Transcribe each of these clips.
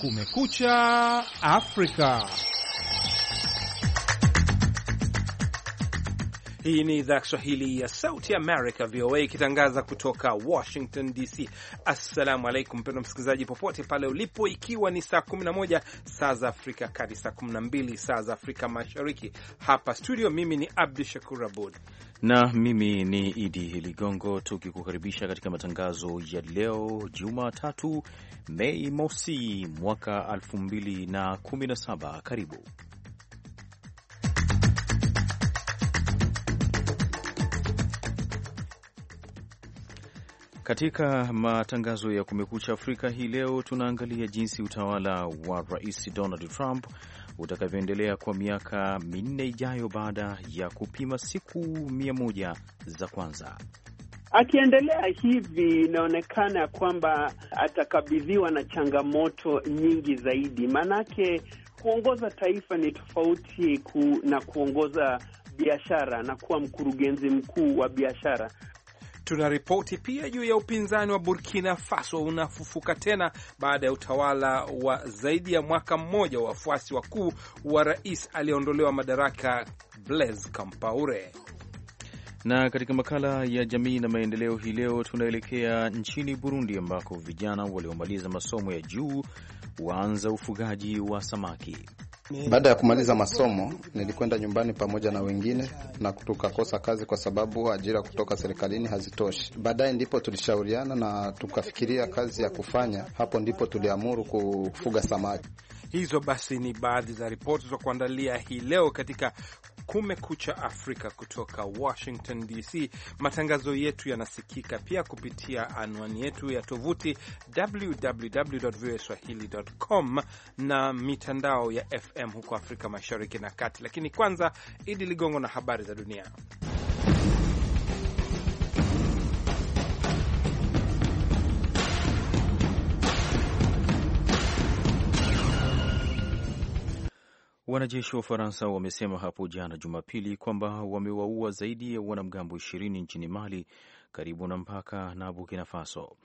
Kumekucha Afrika. Hii ni idhaa ya Kiswahili ya Sauti America, VOA, ikitangaza kutoka Washington DC. Assalamu alaikum mpendwa msikilizaji, popote pale ulipo, ikiwa ni saa 11 saa za Afrika Kati, saa 12 saa za Afrika Mashariki. Hapa studio, mimi ni Abdu Shakur Abud na mimi ni Idi Ligongo, tukikukaribisha katika matangazo ya leo Jumatatu, Mei mosi mwaka 2017. Karibu Katika matangazo ya Kumekucha Afrika hii leo, tunaangalia jinsi utawala wa Rais Donald Trump utakavyoendelea kwa miaka minne ijayo baada ya kupima siku mia moja za kwanza. Akiendelea hivi, inaonekana kwamba atakabidhiwa na changamoto nyingi zaidi, maanake kuongoza taifa ni tofauti ku, na kuongoza biashara na kuwa mkurugenzi mkuu wa biashara tuna ripoti pia juu ya upinzani wa Burkina Faso unafufuka tena baada ya utawala wa zaidi ya mwaka mmoja wa wafuasi wakuu wa rais aliyeondolewa madaraka Blaise Compaore. Na katika makala ya jamii na maendeleo hii leo tunaelekea nchini Burundi ambako vijana waliomaliza masomo ya juu waanza ufugaji wa samaki. Baada ya kumaliza masomo, nilikwenda nyumbani pamoja na wengine na tukakosa kazi kwa sababu ajira kutoka serikalini hazitoshi. Baadaye ndipo tulishauriana na tukafikiria kazi ya kufanya. Hapo ndipo tuliamuru kufuga samaki. Hizo basi ni baadhi za ripoti za kuandalia hii leo katika Kumekucha Afrika kutoka Washington DC. Matangazo yetu yanasikika pia kupitia anwani yetu ya tovuti www.voaswahili.com na mitandao ya FM huko Afrika Mashariki na Kati. Lakini kwanza, Idi Ligongo na habari za dunia. Wanajeshi wa Ufaransa wamesema hapo jana Jumapili kwamba wamewaua zaidi ya wanamgambo ishirini nchini Mali, karibu na mpaka na Burkina Faso.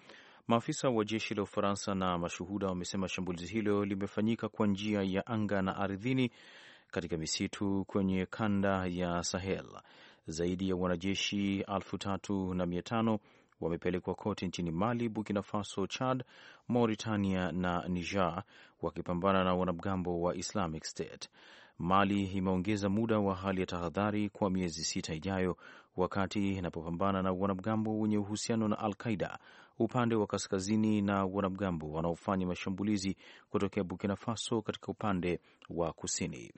Maafisa wa jeshi la Ufaransa na mashuhuda wamesema shambulizi hilo limefanyika kwa njia ya anga na ardhini katika misitu kwenye kanda ya Sahel. Zaidi ya wanajeshi elfu tatu na mia tano wamepelekwa kote nchini Mali, Burkina Faso, Chad, Mauritania na Niger wakipambana na wanamgambo wa Islamic State. Mali imeongeza muda wa hali ya tahadhari kwa miezi sita ijayo, wakati inapopambana na wanamgambo wenye uhusiano na Al Qaida upande wa kaskazini na wanamgambo wanaofanya mashambulizi kutokea Burkina Faso katika upande wa kusini.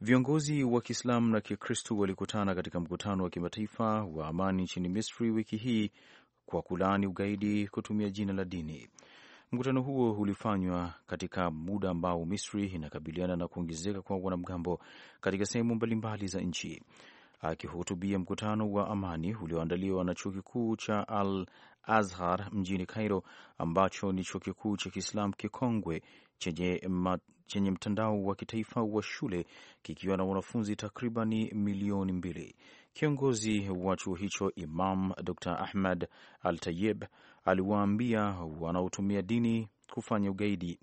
Viongozi wa Kiislamu na Kikristu walikutana katika mkutano wa kimataifa wa amani nchini Misri wiki hii kwa kulaani ugaidi kutumia jina la dini. Mkutano huo ulifanywa katika muda ambao Misri inakabiliana na kuongezeka kwa wanamgambo katika sehemu mbalimbali za nchi. Akihutubia mkutano wa amani ulioandaliwa na chuo kikuu cha Al Azhar mjini Cairo, ambacho ni chuo kikuu cha Kiislam kikongwe chenye, chenye mtandao wa kitaifa wa shule kikiwa na wanafunzi takribani milioni mbili. Kiongozi wa chuo hicho Imam Dr Ahmad Al Tayeb aliwaambia wanaotumia dini kufanya ugaidi.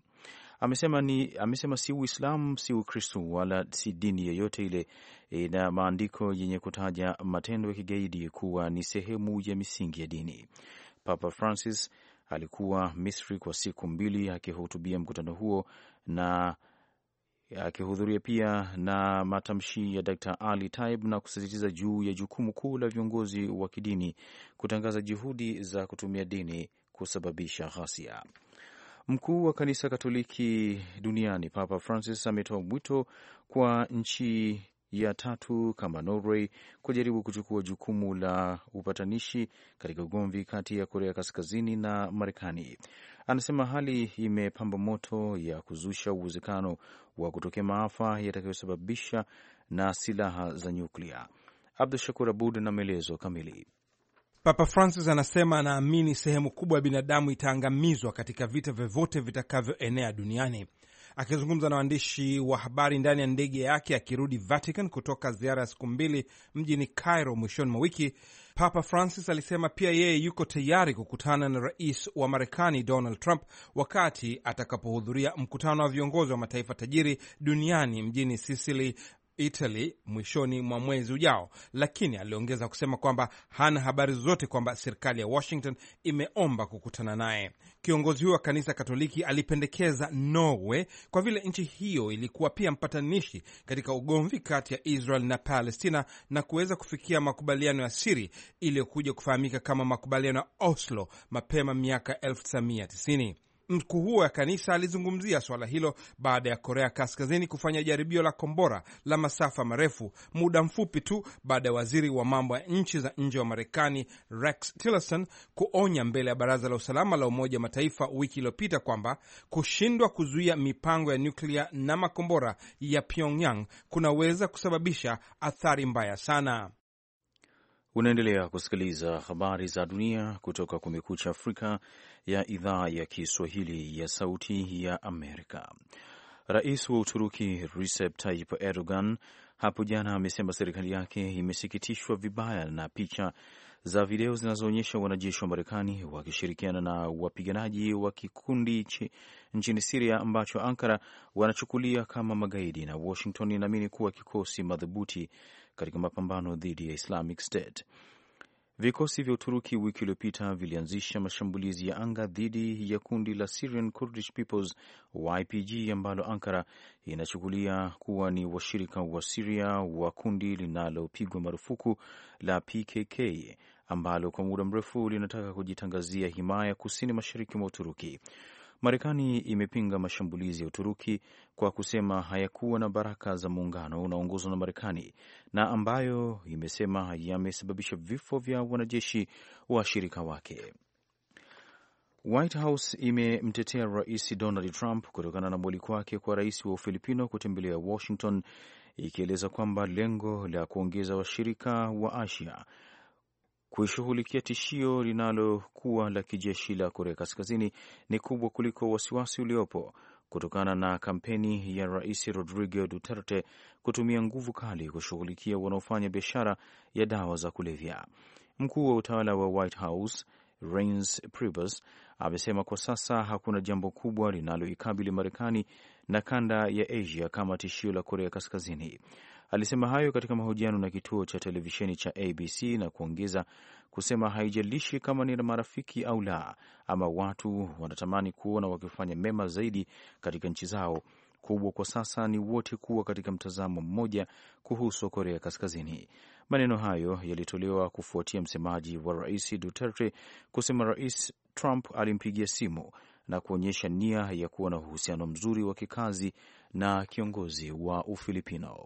Amesema, ni, amesema si Uislamu si Ukristo wala si dini yoyote ile ina maandiko yenye kutaja matendo ya kigaidi kuwa ni sehemu ya misingi ya dini. Papa Francis alikuwa Misri kwa siku mbili akihutubia mkutano huo na akihudhuria pia na matamshi ya Dr. Ali Taib na kusisitiza juu ya jukumu kuu la viongozi wa kidini kutangaza juhudi za kutumia dini kusababisha ghasia. Mkuu wa kanisa Katoliki duniani Papa Francis ametoa mwito kwa nchi ya tatu kama Norway kujaribu kuchukua jukumu la upatanishi katika ugomvi kati ya Korea Kaskazini na Marekani. Anasema hali imepamba moto ya kuzusha uwezekano wa kutokea maafa yatakayosababisha na silaha za nyuklia. Abdu Shakur Abud na maelezo kamili. Papa Francis anasema anaamini sehemu kubwa ya binadamu itaangamizwa katika vita vyovyote vitakavyoenea duniani. Akizungumza na waandishi wa habari ndani ya ndege yake akirudi Vatican kutoka ziara ya siku mbili mjini Cairo mwishoni mwa wiki, Papa Francis alisema pia yeye yuko tayari kukutana na rais wa Marekani Donald Trump wakati atakapohudhuria mkutano wa viongozi wa mataifa tajiri duniani mjini Sicily Italy mwishoni mwa mwezi ujao, lakini aliongeza kusema kwamba hana habari zozote kwamba serikali ya Washington imeomba kukutana naye. Kiongozi huyo wa kanisa Katoliki alipendekeza Norway kwa vile nchi hiyo ilikuwa pia mpatanishi katika ugomvi kati ya Israel na Palestina na kuweza kufikia makubaliano ya siri iliyokuja kufahamika kama makubaliano ya Oslo mapema miaka 1990. Mkuu huo wa kanisa alizungumzia suala hilo baada ya Korea Kaskazini kufanya jaribio la kombora la masafa marefu muda mfupi tu baada ya waziri wa mambo ya nchi za nje wa Marekani Rex Tillerson kuonya mbele ya Baraza la Usalama la Umoja wa Mataifa wiki iliyopita kwamba kushindwa kuzuia mipango ya nyuklia na makombora ya Pyongyang kunaweza kusababisha athari mbaya sana. Unaendelea kusikiliza habari za dunia kutoka Kumekucha Afrika ya idhaa ya Kiswahili ya Sauti ya Amerika. Rais wa Uturuki Recep Tayyip Erdogan hapo jana amesema serikali yake imesikitishwa vibaya na picha za video zinazoonyesha wanajeshi wa Marekani wakishirikiana na wapiganaji wa kikundi nchini Siria ambacho Ankara wanachukulia kama magaidi, na Washington inaamini kuwa kikosi madhubuti katika mapambano dhidi ya Islamic State. Vikosi vya Uturuki wiki iliyopita vilianzisha mashambulizi ya anga dhidi ya kundi la Syrian Kurdish Peoples YPG ambalo Ankara inachukulia kuwa ni washirika wa Siria wa kundi linalopigwa marufuku la PKK ambalo kwa muda mrefu linataka kujitangazia himaya kusini mashariki mwa Uturuki. Marekani imepinga mashambulizi ya Uturuki kwa kusema hayakuwa na baraka za muungano unaoongozwa na Marekani na ambayo imesema yamesababisha vifo vya wanajeshi washirika wake. White House imemtetea Rais Donald Trump kutokana na mwaliko wake kwa rais wa Ufilipino kutembelea Washington, ikieleza kwamba lengo la kuongeza washirika wa Asia kuishughulikia tishio linalokuwa la kijeshi la Korea Kaskazini ni kubwa kuliko wasiwasi uliopo kutokana na kampeni ya Rais Rodrigo Duterte kutumia nguvu kali kushughulikia wanaofanya biashara ya dawa za kulevya. Mkuu wa utawala wa White House Reince Priebus amesema kwa sasa hakuna jambo kubwa linaloikabili Marekani na kanda ya Asia kama tishio la Korea Kaskazini. Alisema hayo katika mahojiano na kituo cha televisheni cha ABC na kuongeza kusema haijalishi kama ni marafiki au la, ama watu wanatamani kuona wakifanya mema zaidi katika nchi zao kubwa kwa sasa ni wote kuwa katika mtazamo mmoja kuhusu Korea Kaskazini. Maneno hayo yalitolewa kufuatia msemaji wa Rais Duterte kusema Rais Trump alimpigia simu na kuonyesha nia ya kuwa na uhusiano mzuri wa kikazi na kiongozi wa Ufilipino.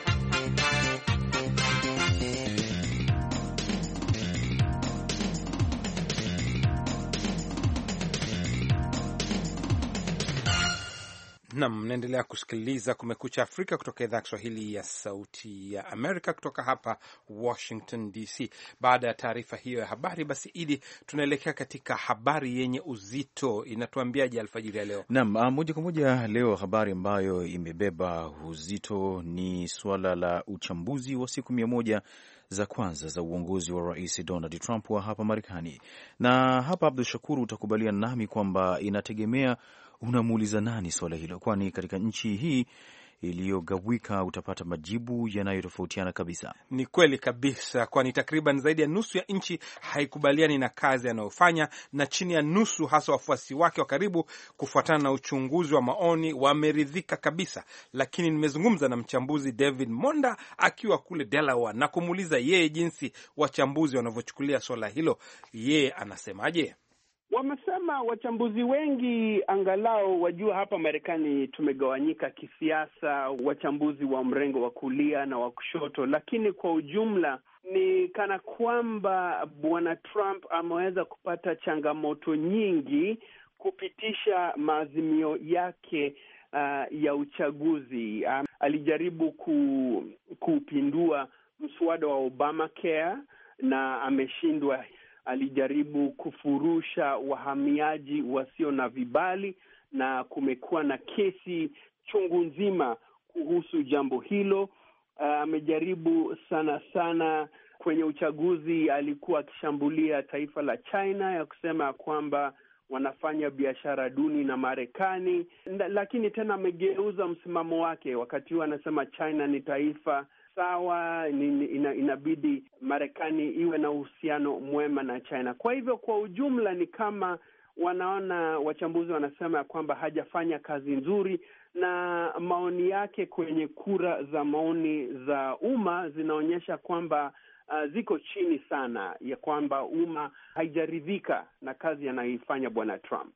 Nam, mnaendelea kusikiliza Kumekucha Afrika kutoka idhaa ya Kiswahili ya Sauti ya Amerika kutoka hapa Washington DC. Baada ya taarifa hiyo ya habari, basi Idi, tunaelekea katika habari yenye uzito. Inatuambiaje alfajiri ya leo? Nam, ah, moja kwa moja leo habari ambayo imebeba uzito ni suala la uchambuzi wa siku mia moja za kwanza za uongozi wa Rais Donald Trump wa hapa Marekani, na hapa Abdu Shakur utakubaliana nami kwamba inategemea unamuuliza nani swala hilo, kwani katika nchi hii iliyogawika utapata majibu yanayotofautiana kabisa. Ni kweli kabisa, kwani takriban zaidi ya nusu ya nchi haikubaliani na kazi anayofanya na chini ya nusu, hasa wafuasi wake wa karibu, kufuatana na uchunguzi wa maoni, wameridhika kabisa. Lakini nimezungumza na mchambuzi David Monda akiwa kule Delaware na kumuuliza yeye jinsi wachambuzi wanavyochukulia swala hilo. Yeye anasemaje? Wamesema wachambuzi wengi, angalau wajua, hapa Marekani tumegawanyika kisiasa, wachambuzi wa mrengo wa kulia na wa kushoto, lakini kwa ujumla ni kana kwamba bwana Trump ameweza kupata changamoto nyingi kupitisha maazimio yake uh, ya uchaguzi. Um, alijaribu ku, kupindua mswada wa Obamacare na ameshindwa alijaribu kufurusha wahamiaji wasio na vibali, na kumekuwa na kesi chungu nzima kuhusu jambo hilo. Uh, amejaribu sana sana kwenye uchaguzi, alikuwa akishambulia taifa la China ya kusema kwamba wanafanya biashara duni na Marekani, lakini tena amegeuza msimamo wake wakati huo, anasema China ni taifa sawa, inabidi Marekani iwe na uhusiano mwema na China. Kwa hivyo kwa ujumla ni kama wanaona wachambuzi wanasema ya kwamba hajafanya kazi nzuri, na maoni yake kwenye kura za maoni za umma zinaonyesha kwamba uh, ziko chini sana, ya kwamba umma haijaridhika na kazi anayoifanya bwana Trump.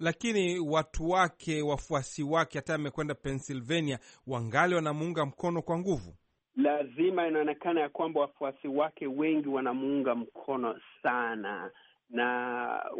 Lakini watu wake, wafuasi wake, hata amekwenda Pennsylvania, wangali wanamuunga mkono kwa nguvu lazima inaonekana ya kwamba wafuasi wake wengi wanamuunga mkono sana, na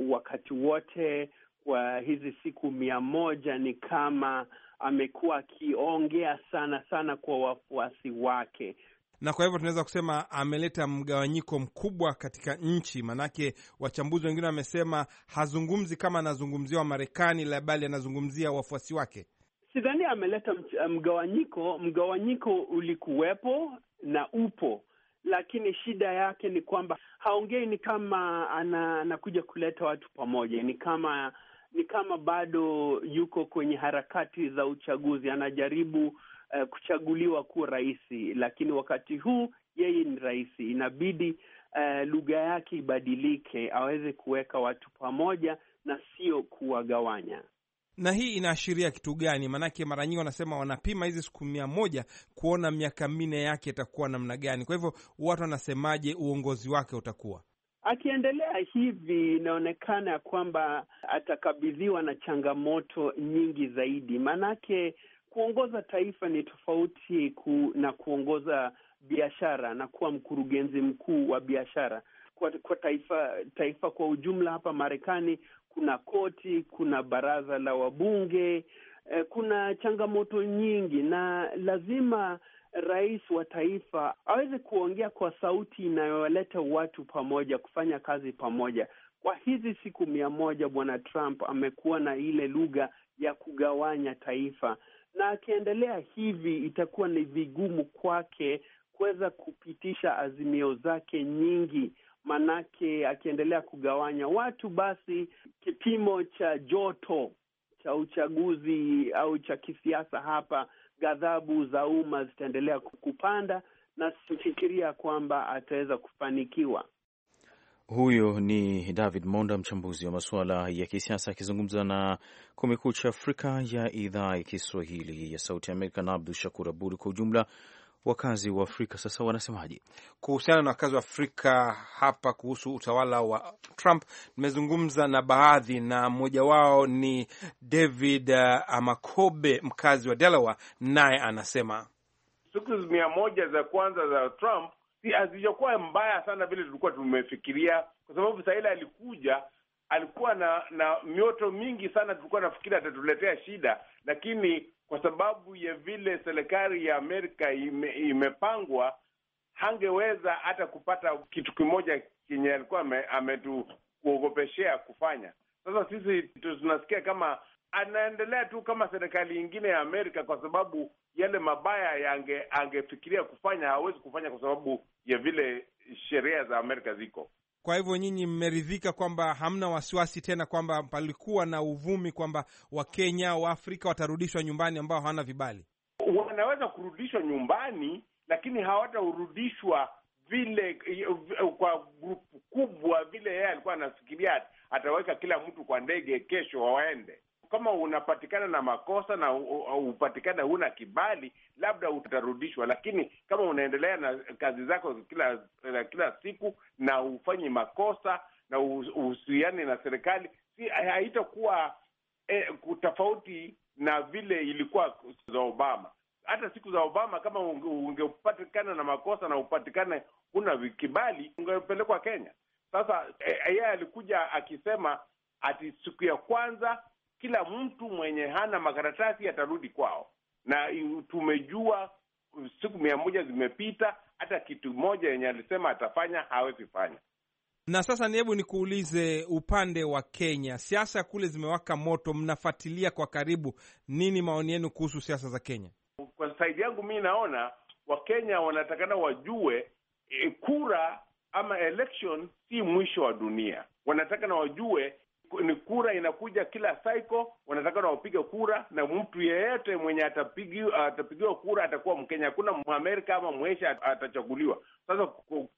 wakati wote kwa hizi siku mia moja ni kama amekuwa akiongea sana sana kwa wafuasi wake na kwa hivyo tunaweza kusema ameleta mgawanyiko mkubwa katika nchi. Maanake wachambuzi wengine wamesema hazungumzi kama anazungumzia Wamarekani, bali anazungumzia wafuasi wake sidhani ameleta eh, mgawanyiko. Mgawanyiko ulikuwepo na upo, lakini shida yake ni kwamba haongei, ni kama ana, anakuja kuleta watu pamoja, ni kama ni kama bado yuko kwenye harakati za uchaguzi, anajaribu uh, kuchaguliwa kuwa rais, lakini wakati huu yeye ni rais, inabidi uh, lugha yake ibadilike, aweze kuweka watu pamoja na sio kuwagawanya na hii inaashiria kitu gani? Maanake mara nyingi wanasema wanapima hizi siku mia moja kuona miaka minne yake itakuwa namna gani. Kwa hivyo watu wanasemaje uongozi wake utakuwa akiendelea hivi? Inaonekana ya kwamba atakabidhiwa na changamoto nyingi zaidi, maanake kuongoza taifa ni tofauti ku, na kuongoza biashara na kuwa mkurugenzi mkuu wa biashara kwa, kwa taifa taifa kwa ujumla hapa Marekani kuna koti, kuna baraza la wabunge eh, kuna changamoto nyingi, na lazima rais wa taifa aweze kuongea kwa sauti inayowaleta watu pamoja, kufanya kazi pamoja. Kwa hizi siku mia moja bwana Trump amekuwa na ile lugha ya kugawanya taifa, na akiendelea hivi itakuwa ni vigumu kwake kuweza kupitisha azimio zake nyingi manake akiendelea kugawanya watu, basi kipimo cha joto cha uchaguzi au cha kisiasa hapa, ghadhabu za umma zitaendelea kupanda, na sifikiria kwamba ataweza kufanikiwa. Huyo ni David Monda, mchambuzi wa masuala ya kisiasa akizungumza na Kumekucha Afrika ya idhaa ya Kiswahili ya Sauti ya Amerika na Abdu Shakur Abud. Kwa ujumla wakazi wa Afrika sasa wanasemaje kuhusiana na wakazi wa Afrika hapa kuhusu utawala wa Trump? Nimezungumza na baadhi, na mmoja wao ni David uh, Amakobe, mkazi wa Delaware, naye anasema siku mia moja za kwanza za Trump hazijakuwa mbaya sana vile tulikuwa tumefikiria, kwa sababu sahili alikuja alikuwa na na mioto mingi sana, tulikuwa nafikiri atatuletea shida, lakini kwa sababu ya vile serikali ya Amerika ime, imepangwa hangeweza hata kupata kitu kimoja kenye alikuwa ametukuogopeshea kufanya. Sasa sisi tunasikia kama anaendelea tu kama serikali ingine ya Amerika, kwa sababu yale mabaya yange angefikiria kufanya hawezi kufanya kwa sababu ya vile sheria za Amerika ziko. Kwa hivyo nyinyi mmeridhika kwamba hamna wasiwasi tena kwamba palikuwa na uvumi kwamba Wakenya wa afrika watarudishwa nyumbani ambao hawana vibali? Wanaweza kurudishwa nyumbani, lakini hawatarudishwa vile kwa grupu kubwa vile yeye alikuwa anafikiria ataweka kila mtu kwa ndege kesho waende kama unapatikana na makosa na upatikane huna kibali, labda utarudishwa, lakini kama unaendelea na kazi zako kila kila siku na ufanyi makosa na uhusiani na serikali, si haitakuwa eh, tofauti na vile ilikuwa za Obama. Hata siku za Obama, kama ungepatikana na makosa na upatikane huna kibali, ungepelekwa Kenya. Sasa e, yeye eh, alikuja akisema ati siku ya kwanza kila mtu mwenye hana makaratasi atarudi kwao, na tumejua uh, siku mia moja zimepita, hata kitu moja yenye alisema atafanya hawezi fanya. Na sasa ni hebu nikuulize, upande wa Kenya, siasa kule zimewaka moto, mnafuatilia kwa karibu, nini maoni yenu kuhusu siasa za Kenya? Kwa saidi yangu mi naona Wakenya wanatakana wajue e, kura ama election si mwisho wa dunia. Wanataka na wajue ni kura inakuja kila cycle, wanataka na wapige kura, na mtu yeyote mwenye atapigi, atapigiwa kura atakuwa Mkenya. Hakuna Mwamerika ama Mwesha atachaguliwa. Sasa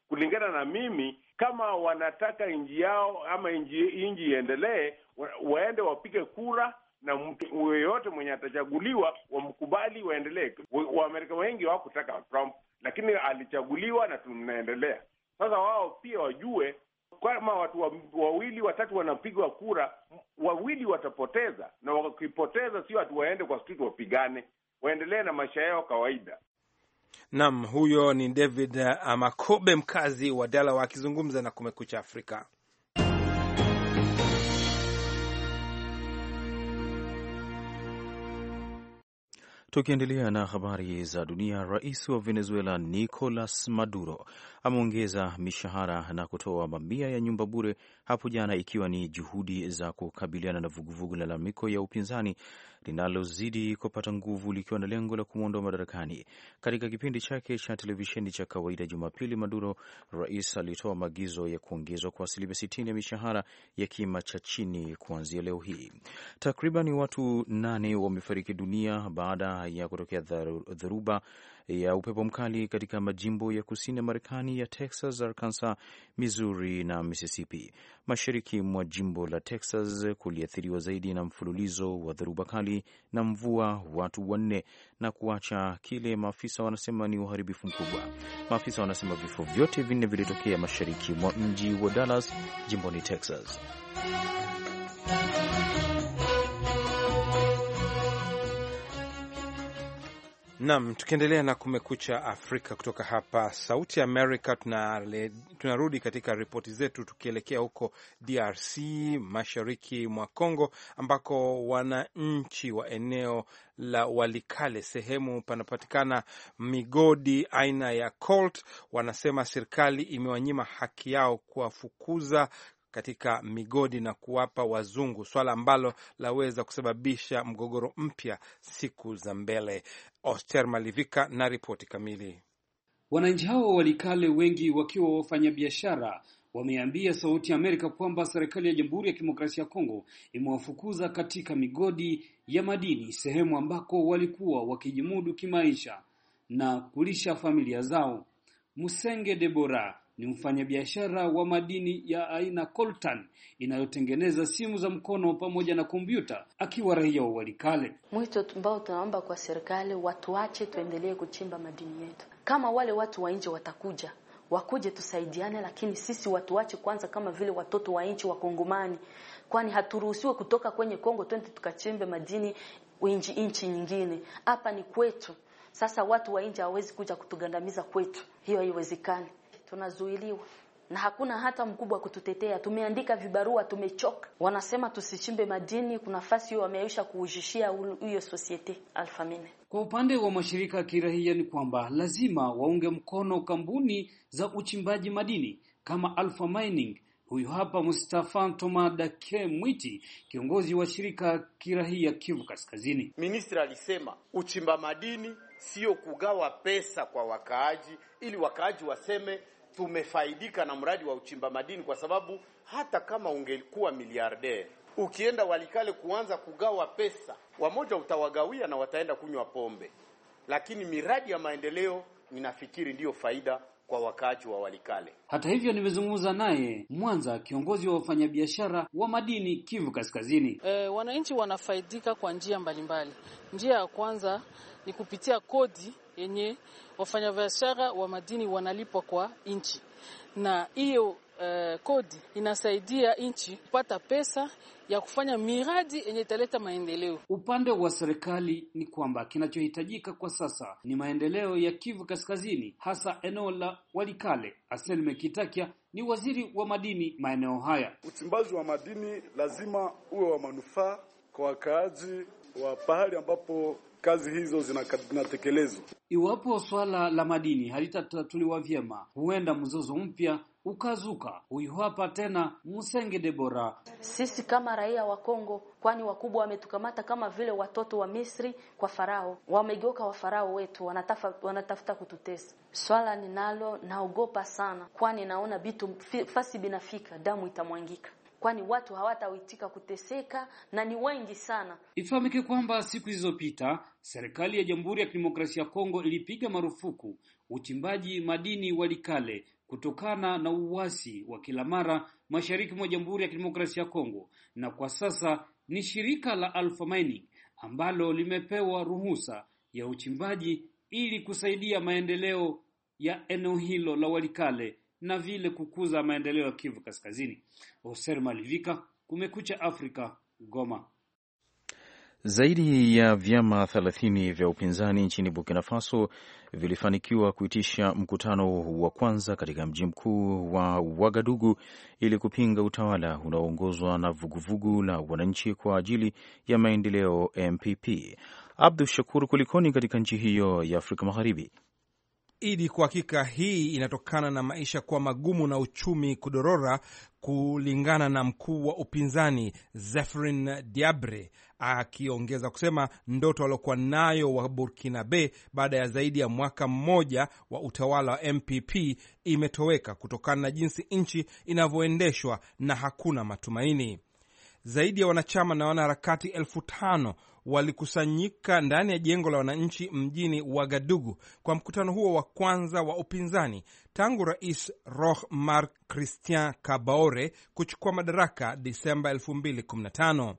kulingana na mimi, kama wanataka nji yao ama nji iendelee, waende wapige kura na mtu yeyote mwenye atachaguliwa wamkubali, waendelee. Waamerika wengi hawakutaka Trump, lakini alichaguliwa na tunaendelea sasa. Wao pia wajue kama watu wawili watatu wanapigwa kura, wawili watapoteza, na wakipoteza, sio watu waende kwa street wapigane, waendelee na maisha yao kawaida. Naam, huyo ni David eh, Amakobe, mkazi wa Dalawa akizungumza na Kumekucha Afrika. Tukiendelea na habari za dunia, rais wa Venezuela Nicolas Maduro ameongeza mishahara na kutoa mamia ya nyumba bure hapo jana, ikiwa ni juhudi za kukabiliana na vuguvugu lalamiko ya upinzani linalozidi kupata nguvu likiwa na lengo la kumwondoa madarakani. Katika kipindi chake cha televisheni cha kawaida Jumapili, Maduro rais alitoa maagizo ya kuongezwa kwa asilimia sitini ya mishahara ya kima cha chini kuanzia leo hii. Takriban watu nane wamefariki dunia baada ya kutokea dharuba ya upepo mkali katika majimbo ya kusini ya Marekani ya Texas, Arkansas, Missouri na Mississippi. Mashariki mwa jimbo la Texas kuliathiriwa zaidi na mfululizo wa dhoruba kali na mvua, watu wanne na kuacha kile maafisa wanasema ni uharibifu mkubwa. Maafisa wanasema vifo vyote vinne vilitokea mashariki mwa mji wa Dallas, jimboni Texas. Nam, tukiendelea na Kumekucha Afrika kutoka hapa Sauti Amerika, tunarudi katika ripoti zetu, tukielekea huko DRC, mashariki mwa Congo, ambako wananchi wa eneo la Walikale, sehemu panapatikana migodi aina ya colt, wanasema serikali imewanyima haki yao kuwafukuza katika migodi na kuwapa wazungu, swala ambalo laweza kusababisha mgogoro mpya siku za mbele. Oster Malivika na ripoti kamili. Wananchi hao Walikale, wengi wakiwa wafanyabiashara wameambia Sauti ya Amerika kwamba serikali ya Jamhuri ya Kidemokrasia ya Kongo imewafukuza katika migodi ya madini, sehemu ambako walikuwa wakijimudu kimaisha na kulisha familia zao. Musenge Debora ni mfanyabiashara wa madini ya aina coltan inayotengeneza simu za mkono pamoja na kompyuta, akiwa raia wa Walikale. Mwito ambao tunaomba kwa serikali, watuache tuendelee kuchimba madini yetu. Kama wale watu wa nje watakuja wakuje tusaidiane, lakini sisi watuache kwanza, kama vile watoto wa nchi wa Kongomani, kwani haturuhusiwe kutoka kwenye Kongo twende tukachembe madini nchi nchi nyingine. Hapa ni kwetu. Sasa watu wa nje hawezi kuja kutugandamiza kwetu, hiyo haiwezekani tunazuiliwa na hakuna hata mkubwa kututetea. Tumeandika vibarua, tumechoka. Wanasema tusichimbe madini, kuna nafasi hiyo wameisha kuujishia hiyo societe Alfamine. Kwa upande wa mashirika ya kirahia ni kwamba lazima waunge mkono kampuni za uchimbaji madini kama Alpha Mining. Huyu hapa Mustafa dake Mwiti, kiongozi wa shirika kirahia Kivu Kaskazini. Ministri alisema uchimba madini sio kugawa pesa kwa wakaaji, ili wakaaji waseme tumefaidika na mradi wa uchimba madini, kwa sababu hata kama ungekuwa miliarde ukienda Walikale kuanza kugawa pesa, wamoja utawagawia na wataenda kunywa pombe, lakini miradi ya maendeleo ninafikiri ndiyo faida kwa wakaaji wa Walikale. Hata hivyo, nimezungumza naye Mwanza, kiongozi wa wafanyabiashara wa madini Kivu Kaskazini. E, wananchi wanafaidika kwa njia mbalimbali. Njia ya kwanza ni kupitia kodi yenye wafanyabiashara wa madini wanalipwa kwa nchi, na hiyo uh, kodi inasaidia nchi kupata pesa ya kufanya miradi yenye italeta maendeleo. Upande wa serikali ni kwamba kinachohitajika kwa sasa ni maendeleo ya Kivu Kaskazini, hasa eneo la Walikale. Anselme Kitakia ni waziri wa madini maeneo haya. Uchimbaji wa madini lazima uwe wa manufaa kwa wakaaji wa pahali ambapo kazi hizo zinatekelezwa. Iwapo swala la madini halitatatuliwa vyema, huenda mzozo mpya ukazuka. Huyu hapa tena Musenge Debora. Sisi kama raia wa Kongo, kwani wakubwa wametukamata kama vile watoto wa Misri kwa Farao, wamegeuka wa Farao wetu, wanatafa, wanatafuta kututesa. Swala ninalo naogopa sana, kwani naona bitu fasi binafika, damu itamwangika kwani watu hawatawitika kuteseka na ni wengi sana. Ifahamike kwamba siku zilizopita serikali ya Jamhuri ya Kidemokrasia ya Kongo ilipiga marufuku uchimbaji madini Walikale kutokana na uwasi wa kila mara mashariki mwa Jamhuri ya Kidemokrasia ya Kongo, na kwa sasa ni shirika la Alpha Mining ambalo limepewa ruhusa ya uchimbaji ili kusaidia maendeleo ya eneo hilo la Walikale na vile kukuza maendeleo ya Kivu Kaskazini. Hoser Malivika, Kumekucha Afrika, Goma. Zaidi ya vyama thelathini vya upinzani nchini Burkina Faso vilifanikiwa kuitisha mkutano wa kwanza katika mji mkuu wa Wagadugu ili kupinga utawala unaoongozwa na vuguvugu la wananchi kwa ajili ya maendeleo MPP. Abdu Shakur, kulikoni katika nchi hiyo ya Afrika Magharibi? Idi, kwa hakika hii inatokana na maisha kuwa magumu na uchumi kudorora, kulingana na mkuu wa upinzani Zefrin Diabre, akiongeza kusema ndoto waliokuwa nayo wa Burkinabe baada ya zaidi ya mwaka mmoja wa utawala wa MPP imetoweka kutokana na jinsi nchi inavyoendeshwa na hakuna matumaini. Zaidi ya wanachama na wanaharakati elfu tano walikusanyika ndani ya jengo la wananchi mjini Wagadugu kwa mkutano huo wa kwanza wa upinzani tangu Rais Roch Marc Christian Kabaore kuchukua madaraka Disemba 2015.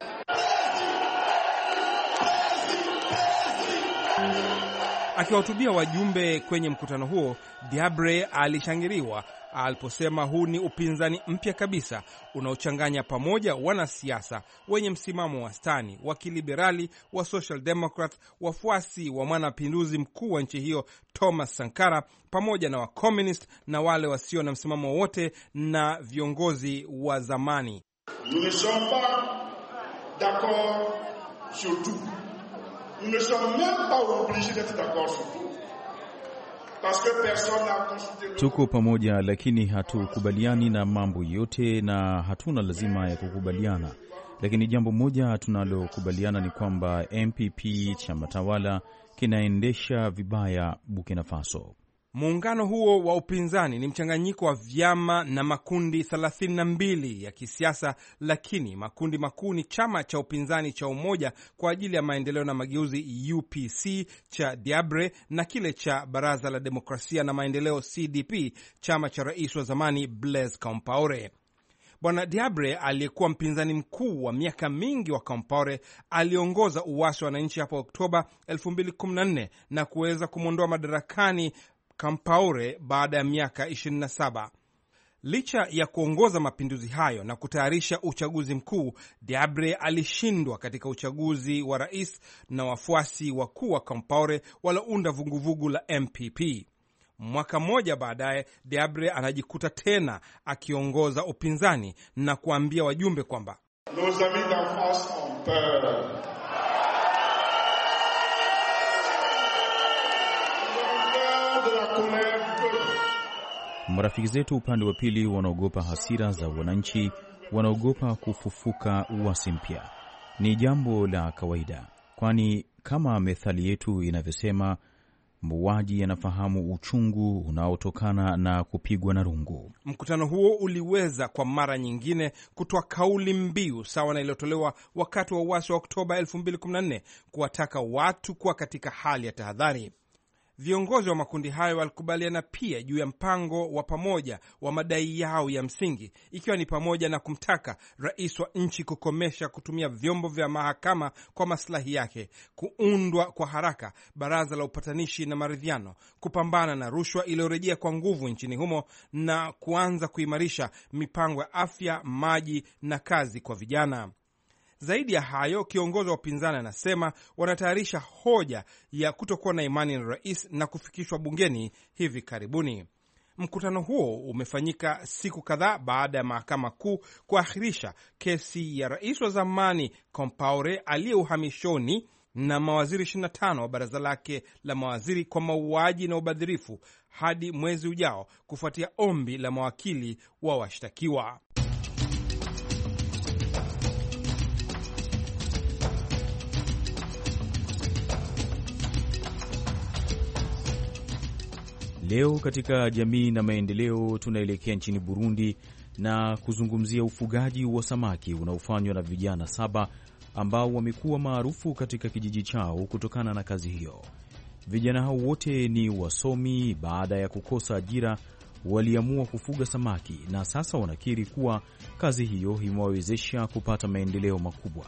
Akiwahutubia wajumbe kwenye mkutano huo, Diabre alishangiriwa aliposema huu ni upinzani mpya kabisa unaochanganya pamoja wanasiasa wenye msimamo wastani wa kiliberali wa Social Democrat, wafuasi wa mwanapinduzi mkuu wa nchi hiyo Thomas Sankara, pamoja na wacommunist na wale wasio na msimamo wowote na viongozi wa zamani. Nous ne sommes même pas obligés d'être d'accord sur tout. Tuko pamoja, lakini hatukubaliani na mambo yote na hatuna lazima ya kukubaliana, lakini jambo moja tunalokubaliana ni kwamba MPP chama tawala kinaendesha vibaya Burkina Faso. Muungano huo wa upinzani ni mchanganyiko wa vyama na makundi 32 ya kisiasa, lakini makundi makuu ni chama cha upinzani cha Umoja kwa ajili ya Maendeleo na Mageuzi, UPC cha Diabre, na kile cha Baraza la Demokrasia na Maendeleo, CDP, chama cha rais wa zamani Blaise Compaore. Bwana Diabre aliyekuwa mpinzani mkuu wa miaka mingi wa Compaore aliongoza uasi wa wananchi hapo Oktoba 2014 na kuweza kumwondoa madarakani Kampaure baada ya miaka 27. Licha ya kuongoza mapinduzi hayo na kutayarisha uchaguzi mkuu, Diabre alishindwa katika uchaguzi wa rais na wafuasi wakuu wa Kampaure waliounda vuguvugu la MPP. Mwaka mmoja baadaye, Diabre anajikuta tena akiongoza upinzani na kuambia wajumbe kwamba Marafiki zetu upande wa pili wanaogopa hasira za wananchi, wanaogopa kufufuka uasi mpya. Ni jambo la kawaida, kwani kama methali yetu inavyosema, muuaji anafahamu uchungu unaotokana na kupigwa na rungu. Mkutano huo uliweza kwa mara nyingine kutoa kauli mbiu sawa na iliyotolewa wakati wa uasi wa Oktoba 2014 kuwataka watu kuwa katika hali ya tahadhari. Viongozi wa makundi hayo walikubaliana pia juu ya mpango wa pamoja wa madai yao ya msingi, ikiwa ni pamoja na kumtaka rais wa nchi kukomesha kutumia vyombo vya mahakama kwa masilahi yake, kuundwa kwa haraka baraza la upatanishi na maridhiano, kupambana na rushwa iliyorejea kwa nguvu nchini humo na kuanza kuimarisha mipango ya afya, maji na kazi kwa vijana. Zaidi ya hayo, kiongozi wa upinzani anasema wanatayarisha hoja ya kutokuwa na imani na rais na kufikishwa bungeni hivi karibuni. Mkutano huo umefanyika siku kadhaa baada ya mahakama kuu kuahirisha kesi ya rais wa zamani Compaore aliye uhamishoni na mawaziri 25 wa baraza lake la mawaziri kwa mauaji na ubadhirifu hadi mwezi ujao kufuatia ombi la mawakili wa washtakiwa. Leo katika jamii na maendeleo, tunaelekea nchini Burundi na kuzungumzia ufugaji wa samaki unaofanywa na vijana saba ambao wamekuwa maarufu katika kijiji chao kutokana na kazi hiyo. Vijana hao wote ni wasomi. Baada ya kukosa ajira, waliamua kufuga samaki na sasa wanakiri kuwa kazi hiyo imewawezesha kupata maendeleo makubwa.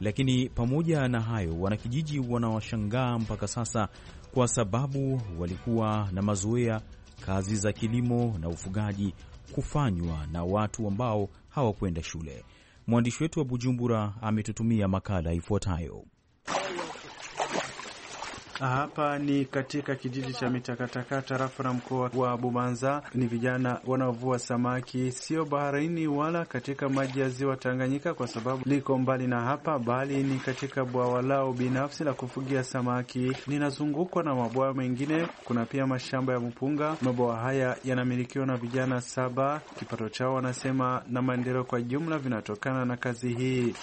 Lakini pamoja na hayo, wanakijiji wanawashangaa mpaka sasa kwa sababu walikuwa na mazoea kazi za kilimo na ufugaji kufanywa na watu ambao hawakwenda shule. Mwandishi wetu wa Bujumbura ametutumia makala ifuatayo. Hapa ni katika kijiji cha Mitakataka, tarafa na mkoa wa Bubanza. Ni vijana wanaovua samaki, sio baharini wala katika maji ya ziwa Tanganyika kwa sababu liko mbali na hapa, bali ni katika bwawa lao binafsi la kufugia samaki. Ninazungukwa na mabwawa mengine, kuna pia mashamba ya mpunga. Mabwawa haya yanamilikiwa na vijana saba. Kipato chao wanasema na maendeleo kwa jumla vinatokana na kazi hii.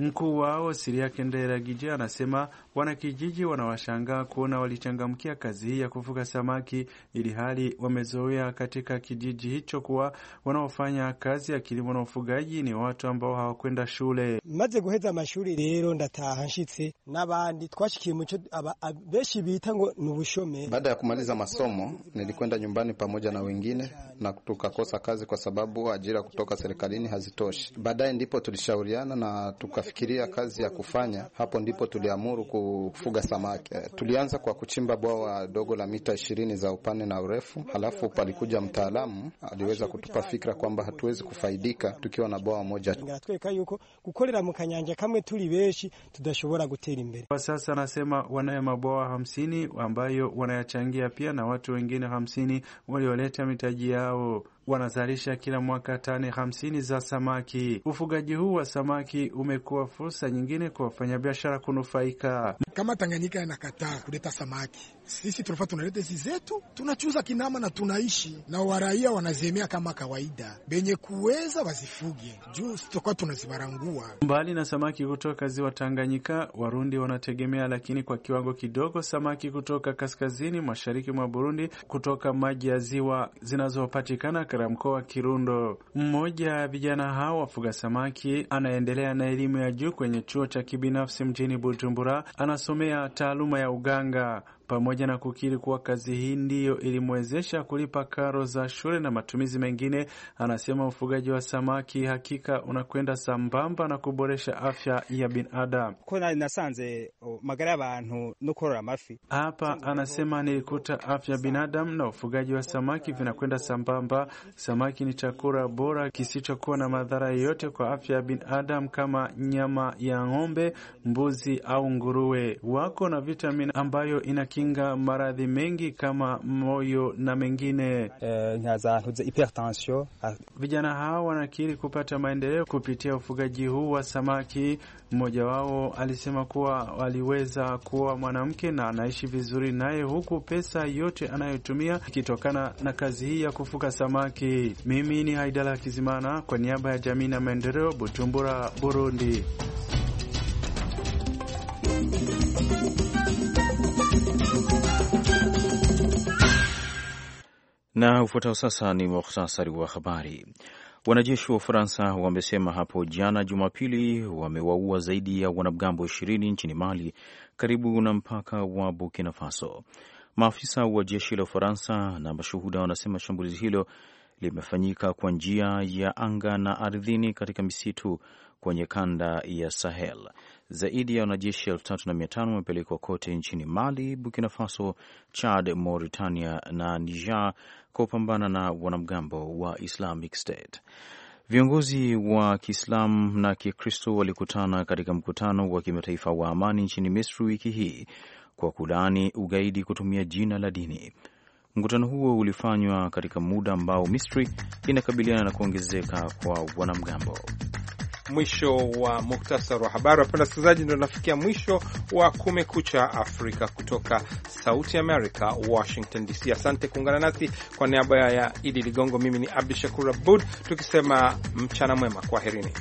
Mkuu wao Kendera Nderagije anasema wanakijiji wanawashangaa kuona walichangamkia kazi hii ya kuvuka samaki, ili hali wamezoea katika kijiji hicho kuwa wanaofanya kazi ya kilimo na ufugaji ni watu ambao hawakwenda shule. maze guheza mashuri rero ndataha nshitse n'abandi twashikiye muco abeshi bita ngo ni ubushome. Baada ya kumaliza masomo nilikwenda nyumbani pamoja na wengine na tukakosa kazi kwa sababu ajira kutoka serikalini hazitoshi. Baadaye ndipo tulishauriana na tuka kufikiria kazi ya kufanya, hapo ndipo tuliamuru kufuga samaki. Eh, tulianza kwa kuchimba bwawa dogo la mita ishirini za upane na urefu, halafu palikuja mtaalamu aliweza kutupa fikra kwamba hatuwezi kufaidika tukiwa na bwawa moja tu. Kwa sasa anasema wanayo mabwawa hamsini ambayo wanayachangia pia na watu wengine hamsini walioleta mitaji yao wanazalisha kila mwaka tani hamsini za samaki. Ufugaji huu wa samaki umekuwa fursa nyingine kwa wafanyabiashara kunufaika. Kama Tanganyika inakataa kuleta samaki, sisi tunafaa tunaleta hizi zetu, tunachuza kinama na tunaishi na waraia wanazemea kama kawaida, benye kuweza wazifuge juu sitokuwa tunazibarangua. Mbali na samaki kutoka ziwa Tanganyika, Warundi wanategemea lakini kwa kiwango kidogo samaki kutoka kaskazini mashariki mwa Burundi, kutoka maji ya ziwa zinazopatikana katika mkoa wa Kirundo. Mmoja wa vijana hao wafuga samaki anaendelea na elimu ya juu kwenye chuo cha kibinafsi mjini Bujumbura, anasomea taaluma ya uganga pamoja na kukiri kuwa kazi hii ndiyo ilimwezesha kulipa karo za shule na matumizi mengine. Anasema ufugaji wa samaki hakika unakwenda sambamba na kuboresha afya ya binadamu. Hapa anasema nilikuta afya binadamu na ufugaji wa samaki vinakwenda sambamba. Samaki ni chakula bora kisichokuwa na madhara yoyote kwa afya ya binadamu kama nyama ya ng'ombe, mbuzi au nguruwe. Wako na vitamini ambayo ina kinga maradhi mengi kama moyo na mengine. Eh, ah, vijana hao wanakiri kupata maendeleo kupitia ufugaji huu wa samaki. Mmoja wao alisema kuwa aliweza kuoa mwanamke na anaishi vizuri naye, huku pesa yote anayotumia ikitokana na kazi hii ya kufuga samaki. Mimi ni Haidala Kizimana kwa niaba ya jamii na maendeleo, Bujumbura, Burundi. Na ufuatao sasa ni muhtasari wa habari. Wanajeshi wa Ufaransa wamesema hapo jana Jumapili wamewaua zaidi ya wanamgambo ishirini nchini Mali, karibu na mpaka wa Burkina Faso. Maafisa wa jeshi la Ufaransa na mashuhuda wanasema shambulizi hilo limefanyika kwa njia ya anga na ardhini katika misitu kwenye kanda ya Sahel. Zaidi ya wanajeshi elfu tatu na mia tano wamepelekwa kote nchini Mali, Burkina Faso, Chad, Mauritania na Niger kwa kupambana na wanamgambo wa Islamic State. Viongozi wa Kiislamu na Kikristo walikutana katika mkutano wa kimataifa wa amani nchini Misri wiki hii kwa kulaani ugaidi kutumia jina la dini. Mkutano huo ulifanywa katika muda ambao Misri inakabiliana na kuongezeka kwa wanamgambo. Mwisho wa muktasar wa habari. Wapenda wasikilizaji, ndo tunafikia mwisho wa Kumekucha Afrika kutoka Sauti America, Washington DC. Asante kuungana nasi. Kwa niaba ya Idi Ligongo, mimi ni Abdu Shakur Abud tukisema mchana mwema, kwaherini.